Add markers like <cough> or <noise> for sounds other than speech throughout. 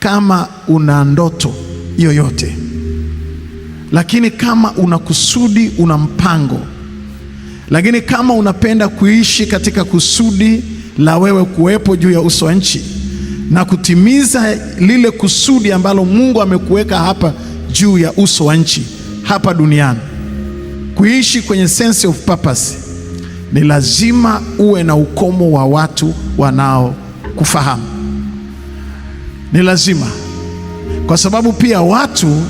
kama una ndoto yoyote, lakini kama una kusudi, una mpango, lakini kama unapenda kuishi katika kusudi la wewe kuwepo juu ya uso wa nchi na kutimiza lile kusudi ambalo Mungu amekuweka hapa juu ya uso wa nchi hapa duniani, kuishi kwenye sense of purpose, ni lazima uwe na ukomo wa watu wanaokufahamu. Ni lazima, kwa sababu pia watu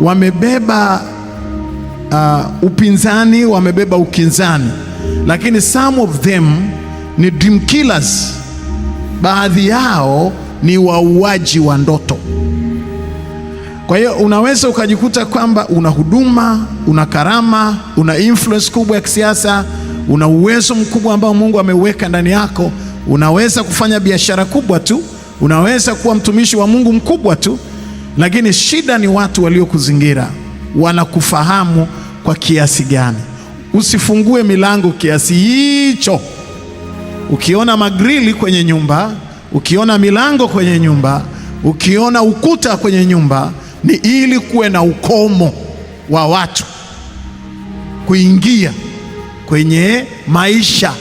wamebeba uh, upinzani, wamebeba ukinzani, lakini some of them ni dream killers, baadhi yao ni wauaji wa ndoto. Kwa hiyo unaweza ukajikuta kwamba una huduma, una karama, una influence kubwa ya kisiasa, una uwezo mkubwa ambao Mungu ameweka ndani yako, unaweza kufanya biashara kubwa tu Unaweza kuwa mtumishi wa Mungu mkubwa tu, lakini shida ni watu waliokuzingira wanakufahamu kwa kiasi gani. Usifungue milango kiasi hicho. Ukiona magrili kwenye nyumba, ukiona milango kwenye nyumba, ukiona ukuta kwenye nyumba, ni ili kuwe na ukomo wa watu kuingia kwenye maisha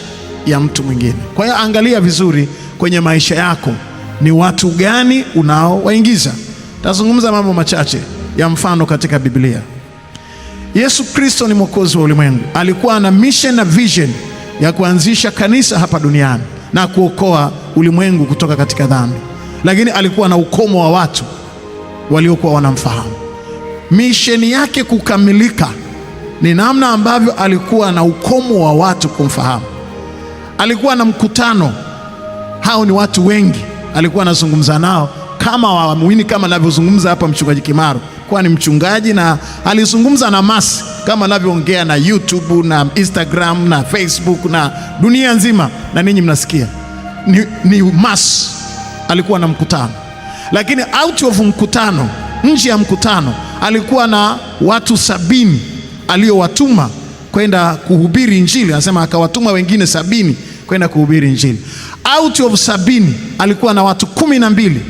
ya mtu mwingine. Kwa hiyo angalia vizuri kwenye maisha yako ni watu gani unaowaingiza. Tazungumza mambo machache ya mfano katika Biblia. Yesu Kristo ni mwokozi wa ulimwengu, alikuwa na mission na vision ya kuanzisha kanisa hapa duniani na kuokoa ulimwengu kutoka katika dhambi, lakini alikuwa na ukomo wa watu waliokuwa wanamfahamu. Misheni yake kukamilika ni namna ambavyo alikuwa na ukomo wa watu kumfahamu. Alikuwa na mkutano, hao ni watu wengi alikuwa anazungumza nao kama waamini, kama anavyozungumza hapa mchungaji Kimaro, kwa ni mchungaji na alizungumza na masi kama anavyoongea na YouTube na Instagram na Facebook na dunia nzima, na ninyi mnasikia ni, ni masi alikuwa na mkutano, lakini out of mkutano, nje ya mkutano, alikuwa na watu sabini aliyowatuma kwenda kuhubiri Injili. Anasema akawatuma wengine sabini kwenda kuhubiri Injili. Out of sabini alikuwa na watu kumi na mbili.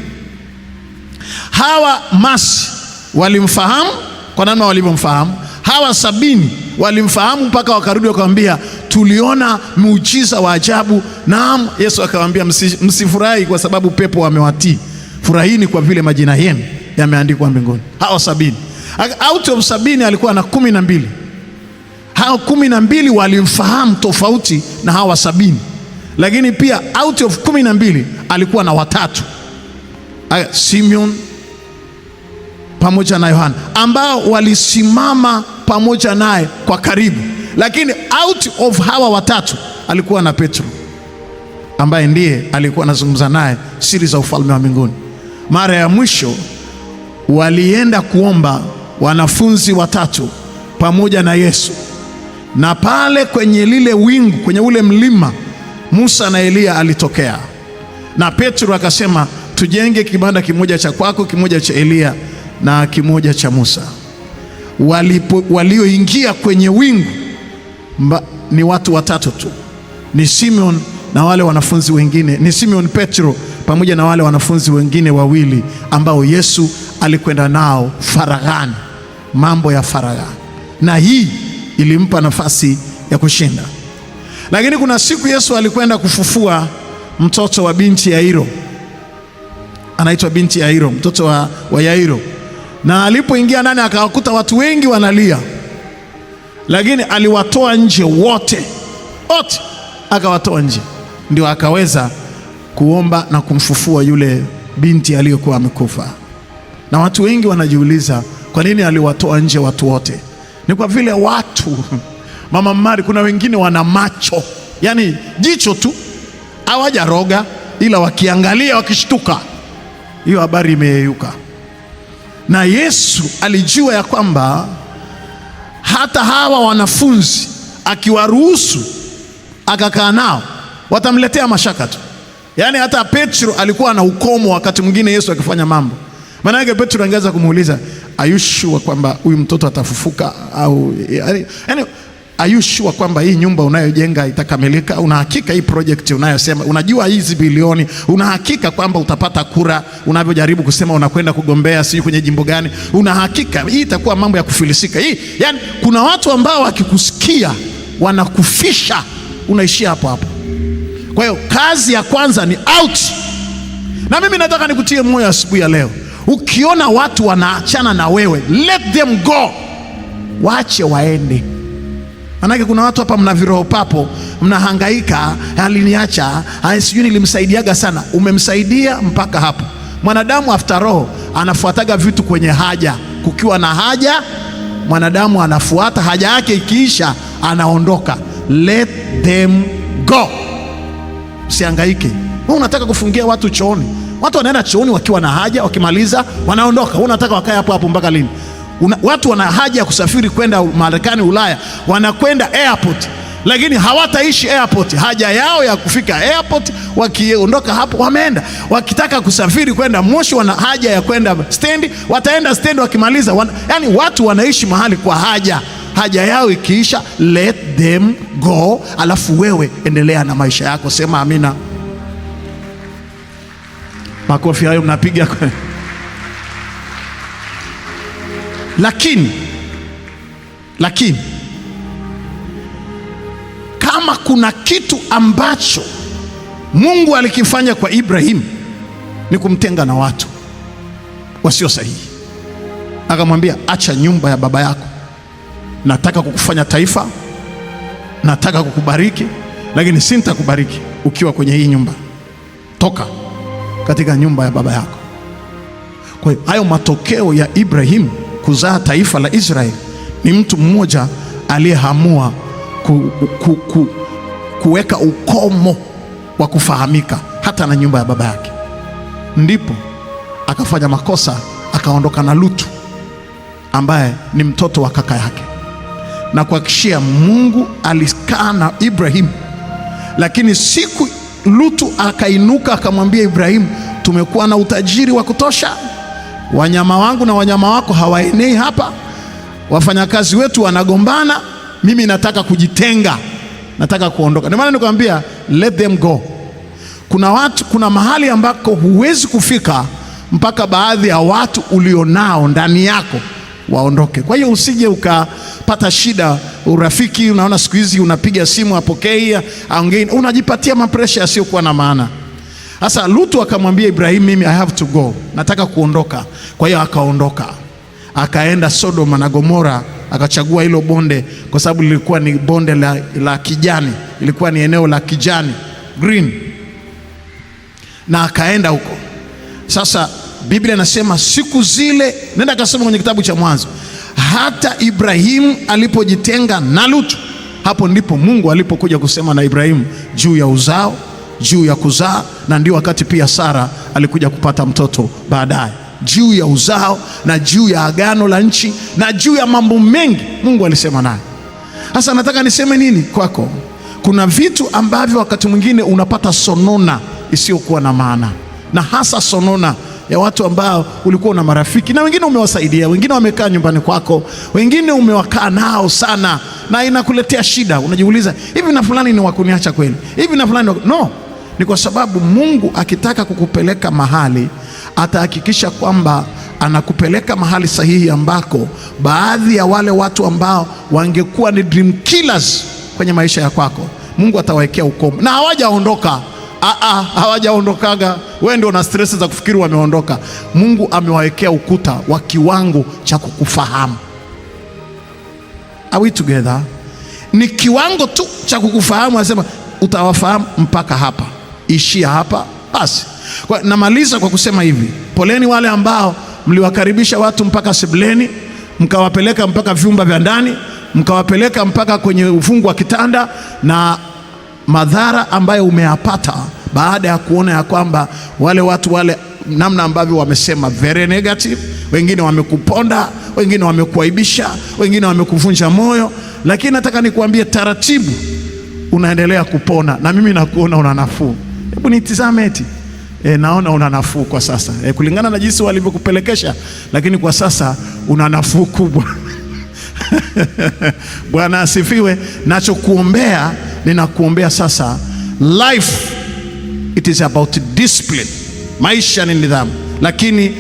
Hawa masi walimfahamu kwa namna walivyomfahamu, hawa sabini walimfahamu mpaka wakarudi wakamwambia, tuliona muujiza wa ajabu. Naam, Yesu akawaambia, msifurahi kwa sababu pepo wamewatii, furahini kwa vile majina yenu yameandikwa mbinguni. Hawa sabini, out of sabini alikuwa na kumi na mbili. Hao kumi na mbili walimfahamu tofauti na hawa sabini, lakini pia out of kumi na mbili alikuwa na watatu Simeon pamoja na Yohana ambao walisimama pamoja naye kwa karibu, lakini out of hawa watatu alikuwa na Petro ambaye ndiye alikuwa anazungumza naye siri za ufalme wa mbinguni. Mara ya mwisho walienda kuomba wanafunzi watatu pamoja na Yesu na pale kwenye lile wingu, kwenye ule mlima Musa na Eliya alitokea, na Petro akasema tujenge kibanda kimoja cha kwako, kimoja cha Eliya na kimoja cha Musa. Walipo, walioingia kwenye wingu mba, ni watu watatu tu, ni Simeon na wale wanafunzi wengine, ni Simeon Petro pamoja na wale wanafunzi wengine wawili ambao Yesu alikwenda nao faraghani, mambo ya faraghani. Na hii ilimpa nafasi ya kushinda. Lakini kuna siku Yesu alikwenda kufufua mtoto wa binti Yairo, anaitwa binti Yairo, mtoto wa, wa Yairo. Na alipoingia ndani akawakuta watu wengi wanalia, lakini aliwatoa nje wote wote, akawatoa nje, ndio akaweza kuomba na kumfufua yule binti aliyokuwa amekufa. Na watu wengi wanajiuliza kwa nini aliwatoa nje watu wote? Ni kwa vile watu mama Mari, kuna wengine wana macho, yaani jicho tu hawajaroga, ila wakiangalia wakishtuka, hiyo habari imeyeyuka. Na Yesu alijua ya kwamba hata hawa wanafunzi akiwaruhusu akakaa nao watamletea mashaka tu, yaani hata Petro alikuwa na ukomo wakati mwingine Yesu akifanya mambo maana yake Petro angeweza kumuuliza sure kwamba huyu mtoto atafufuka au yaani, yaani, you sure kwamba hii nyumba unayojenga itakamilika? Una hakika hii project unayosema, unajua hizi bilioni, una hakika kwamba utapata kura unavyojaribu kusema unakwenda kugombea sijui kwenye jimbo gani? Una hakika hii itakuwa mambo ya kufilisika hii? Yani kuna watu ambao wakikusikia wanakufisha, unaishia hapo hapo. Kwa hiyo kazi ya kwanza ni out, na mimi nataka nikutie moyo asubuhi ya leo. Ukiona watu wanaachana na wewe, let them go, waache waende. Manake kuna watu hapa mna viroho papo, mnahangaika, aliniacha, sijui nilimsaidiaga sana. Umemsaidia mpaka hapo. Mwanadamu after roho anafuataga vitu kwenye haja. Kukiwa na haja, mwanadamu anafuata haja yake, ikiisha anaondoka. Let them go, usihangaike. Wewe unataka kufungia watu chooni Watu wanaenda chooni wakiwa na haja, wakimaliza wanaondoka. Unataka wakae hapo hapo mpaka lini? Una, watu wana haja ya kusafiri kwenda Marekani, Ulaya, wanakwenda airport, lakini hawataishi airport. Haja yao ya kufika airport, wakiondoka hapo wameenda. Wakitaka kusafiri kwenda Moshi, wana haja ya kwenda stendi, wataenda stendi wakimaliza wana, yani watu wanaishi mahali kwa haja. Haja yao ikiisha, let them go, alafu wewe endelea na maisha yako. Sema amina. Makofi hayo mnapiga lakini, lakini kama kuna kitu ambacho Mungu alikifanya kwa Ibrahimu ni kumtenga na watu wasio sahihi. Akamwambia, acha nyumba ya baba yako, nataka kukufanya taifa, nataka kukubariki, lakini sintakubariki ukiwa kwenye hii nyumba, toka katika nyumba ya baba yako. Kwa hiyo hayo matokeo ya Ibrahimu kuzaa taifa la Israeli ni mtu mmoja aliyehamua ku, ku, ku, kuweka ukomo wa kufahamika hata na nyumba ya baba yake. Ndipo akafanya makosa akaondoka na Lutu ambaye ni mtoto wa kaka yake, na kuhakikishia Mungu alikaa na Ibrahimu, lakini siku Lutu akainuka akamwambia Ibrahimu, tumekuwa na utajiri wa kutosha, wanyama wangu na wanyama wako hawaenei hapa, wafanyakazi wetu wanagombana, mimi nataka kujitenga, nataka kuondoka. Ndio maana nikwambia let them go. Kuna watu, kuna mahali ambako huwezi kufika mpaka baadhi ya watu ulionao ndani yako waondoke. Kwa hiyo usije ukapata shida urafiki. Unaona siku hizi unapiga simu apokei, aongei, unajipatia mapresha yasiyokuwa na maana. Sasa Lutu akamwambia Ibrahimu, mimi I have to go, nataka kuondoka. Kwa hiyo akaondoka, akaenda Sodoma na Gomora, akachagua hilo bonde kwa sababu lilikuwa ni bonde la, la kijani, ilikuwa ni eneo la kijani green, na akaenda huko sasa Biblia inasema siku zile, nenda akasoma kwenye kitabu cha Mwanzo, hata Ibrahimu alipojitenga na Lutu, hapo ndipo Mungu alipokuja kusema na Ibrahimu juu ya uzao, juu ya kuzaa, na ndio wakati pia Sara alikuja kupata mtoto baadaye, juu ya uzao na juu ya agano la nchi na juu ya mambo mengi Mungu alisema naye. Sasa nataka niseme nini kwako? Kuna vitu ambavyo wakati mwingine unapata sonona isiyokuwa na maana, na hasa sonona ya watu ambao ulikuwa una marafiki na wengine umewasaidia, wengine wamekaa nyumbani kwako, wengine umewakaa nao sana na inakuletea shida. Unajiuliza, hivi na fulani ni wakuniacha kweli? Hivi na fulani no. Ni kwa sababu Mungu akitaka kukupeleka mahali atahakikisha kwamba anakupeleka mahali sahihi ambako baadhi ya wale watu ambao wangekuwa ni dream killers kwenye maisha ya kwako Mungu atawawekea ukomo na hawajaondoka. Ah, ah, hawajaondokaga. Wewe ndio una stress za kufikiri wameondoka. Mungu amewawekea ukuta wa kiwango cha kukufahamu. Are we together? Ni kiwango tu cha kukufahamu, anasema utawafahamu mpaka hapa, ishia hapa basi. Kwa namaliza kwa kusema hivi, poleni wale ambao mliwakaribisha watu mpaka sebuleni, mkawapeleka mpaka vyumba vya ndani, mkawapeleka mpaka kwenye ufungu wa kitanda na madhara ambayo umeyapata baada ya kuona ya kwamba wale watu wale namna ambavyo wamesema very negative, wengine wamekuponda, wengine wamekuaibisha, wengine wamekuvunja moyo, lakini nataka nikuambie taratibu unaendelea kupona, na mimi nakuona una nafuu. Hebu nitizame eti e, naona una nafuu kwa sasa e, kulingana na jinsi walivyokupelekesha, lakini kwa sasa una nafuu kubwa. <laughs> Bwana asifiwe. Nachokuombea ninakuombea sasa, life it is about discipline, maisha ni nidhamu, lakini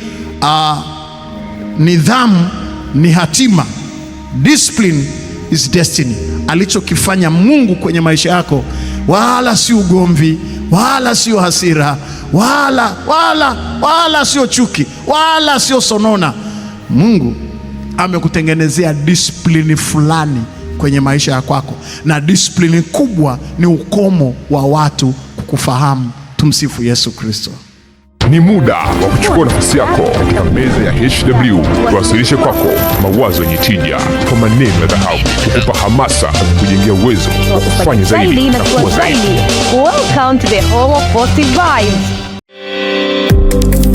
uh, nidhamu ni hatima, discipline is destiny. Alichokifanya Mungu kwenye maisha yako wala si ugomvi wala sio hasira wala wala wala sio chuki wala sio sonona. Mungu amekutengenezea disiplini fulani kwenye maisha ya kwako, na disiplini kubwa ni ukomo wa watu kukufahamu. Tumsifu Yesu Kristo. Ni muda wa kuchukua nafasi yako katika meza ya HW, tuwasilishe kwako mawazo yenye tija kwa maneno ya dhahabu, kukupa hamasa kujengea uwezo wa kufanya zaidi na kuwa zaidi. Welcome to the Hall of Positive Vibes.